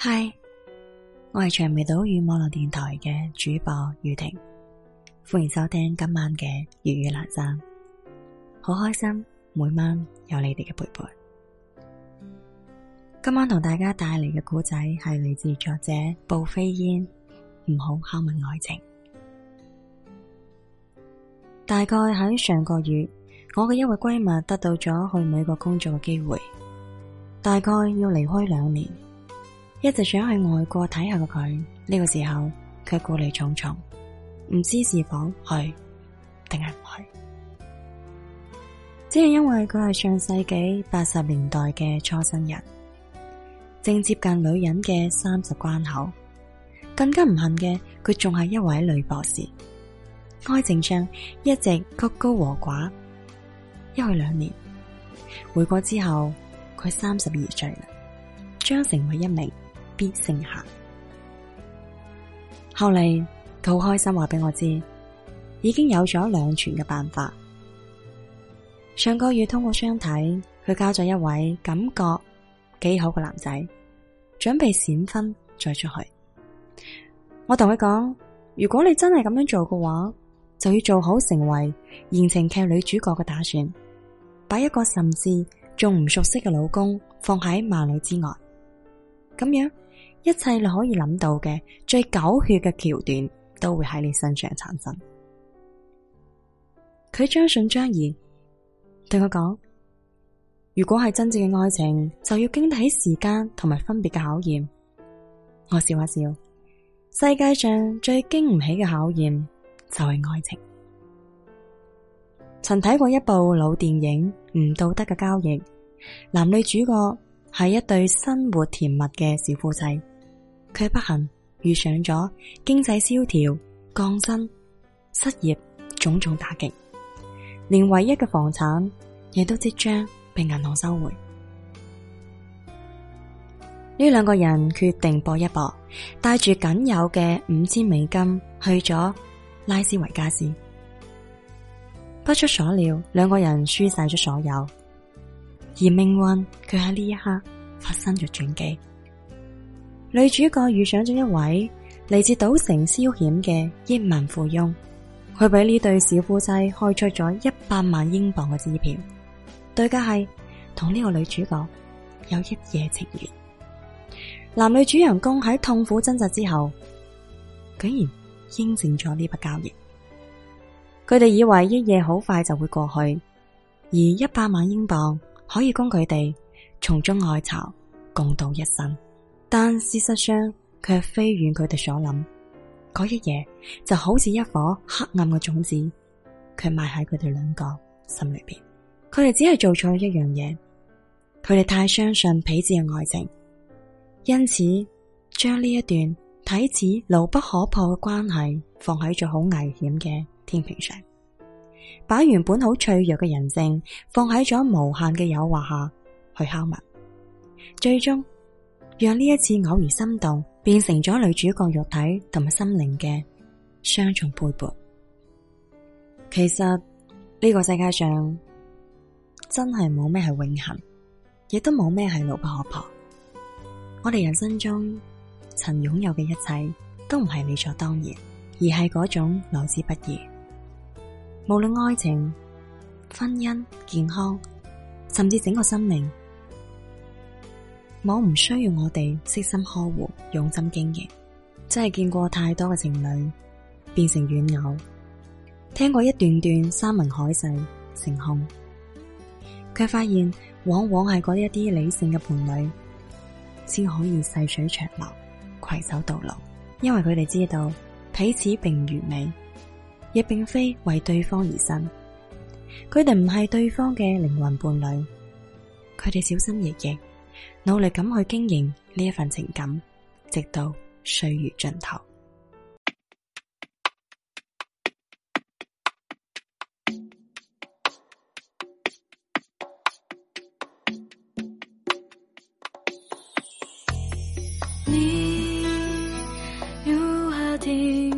嗨，Hi，我係長尾島與網絡電台嘅主播雨婷，歡迎收聽今晚嘅粵語冷贊。好開心每晚有你哋嘅陪伴。今晚同大家帶嚟嘅古仔係嚟自作者步飛煙，唔好拷問愛情。大概喺上個月，我嘅一位閨蜜得到咗去美國工作嘅機會，大概要離開兩年。一直想去外國睇下嘅佢，呢個時候佢顧慮重重，唔知是否去定係唔去。只係因為佢係上世紀八十年代嘅初生人，正接近女人嘅三十關口，更加唔幸嘅佢仲係一位女博士。愛情上一直曲高和寡，一去兩年，回國之後佢三十二歲啦，將成為一名。必剩下。後嚟佢好開心，話俾我知已經有咗兩全嘅辦法。上個月通過相睇，佢交咗一位感覺幾好嘅男仔，準備閃婚再出去。我同佢講：如果你真係咁樣做嘅話，就要做好成為言情劇女主角嘅打算，把一個甚至仲唔熟悉嘅老公放喺萬里之外，咁樣。一切你可以諗到嘅最狗血嘅橋段都會喺你身上產生。佢將信將疑，對我講：如果係真正嘅愛情，就要經得起時間同埋分別嘅考驗。我笑一笑，世界上最經唔起嘅考驗就係愛情。曾睇過一部老電影《唔道德嘅交易》，男女主角，係一對生活甜蜜嘅小夫妻，卻不幸遇上咗經濟蕭條、降薪、失業種種打擊，連唯一嘅房產亦都即將被銀行收回。呢兩 個人決定搏一搏，帶住僅有嘅五千美金去咗拉斯維加斯。不出所料，兩個人輸晒咗所有。而命運佢喺呢一刻發生咗轉機，女主角遇上咗一位嚟自賭城消遣嘅億萬富翁，佢俾呢對小夫妻開出咗一百萬英鎊嘅支票，代價係同呢個女主角有一夜情緣。男女主人公喺痛苦掙扎之後，竟然應承咗呢筆交易。佢哋以為一夜好快就會過去，而一百萬英鎊。可以供佢哋從中愛巢共度一生，但事實上卻非如佢哋所諗。嗰一夜就好似一顆黑暗嘅種子，卻埋喺佢哋兩個心裏邊。佢哋只係做錯一樣嘢，佢哋太相信彼此嘅愛情，因此將呢一段睇似牢不可破嘅關係放喺咗好危險嘅天平上。把原本好脆弱嘅人性放喺咗無限嘅誘惑下，去拷問，最終讓呢一次偶然心動變成咗女主角肉體同埋心靈嘅雙重背叛。其實呢個世界上真係冇咩係永恆，亦都冇咩係牢不可破。我哋人生中曾擁有嘅一切，都唔係理所當然，而係嗰種來之不易。無論愛情、婚姻、健康，甚至整個生命，我唔需要我哋悉心呵護、用心經營。真係見過太多嘅情侶變成怨偶，聽過一段段山盟海誓，成空，卻發現往往係嗰一啲理性嘅伴侶，先可以細水長流、携手到老，因為佢哋知道彼此並唔完美。亦並非為對方而生，佢哋唔係對方嘅靈魂伴侶，佢哋小心翼翼，努力咁去經營呢一份情感，直到歲月盡頭。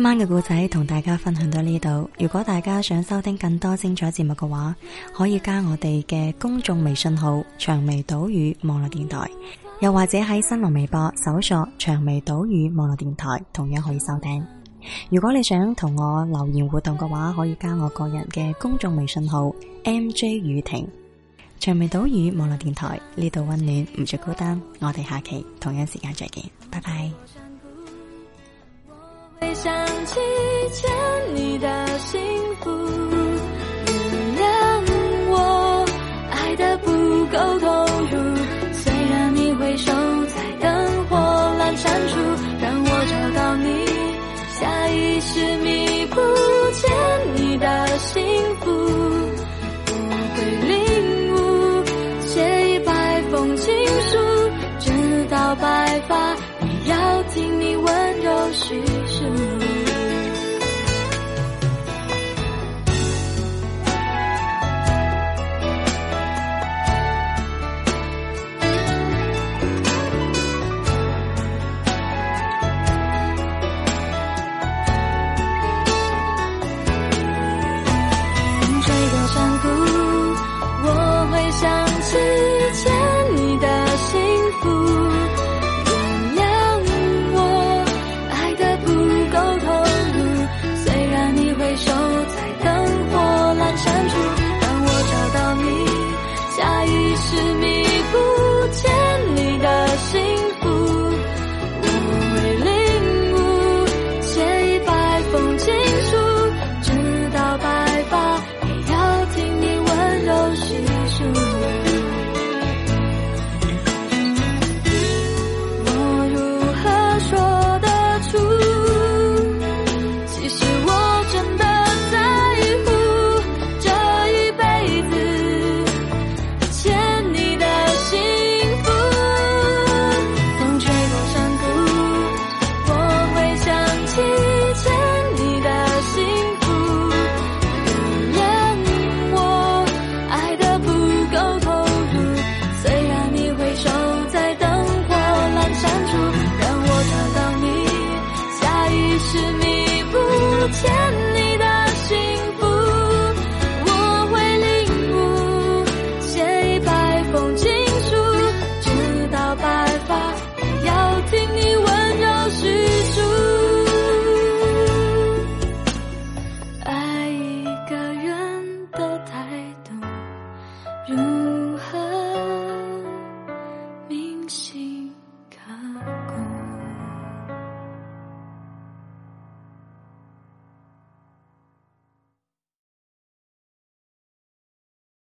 今晚嘅故仔同大家分享到呢度。如果大家想收聽更多精彩節目嘅話，可以加我哋嘅公眾微信號“薔薇島嶼網絡電台”，又或者喺新浪微博搜索“薔薇島嶼網絡電台”，同樣可以收聽。如果你想同我留言互動嘅話，可以加我個人嘅公眾微信號 “MJ 雨婷”。薔薇島嶼網絡電台呢度溫暖，唔着孤單。我哋下期同樣時間再見，拜拜。想起欠你的幸福，原諒我愛的不夠痛。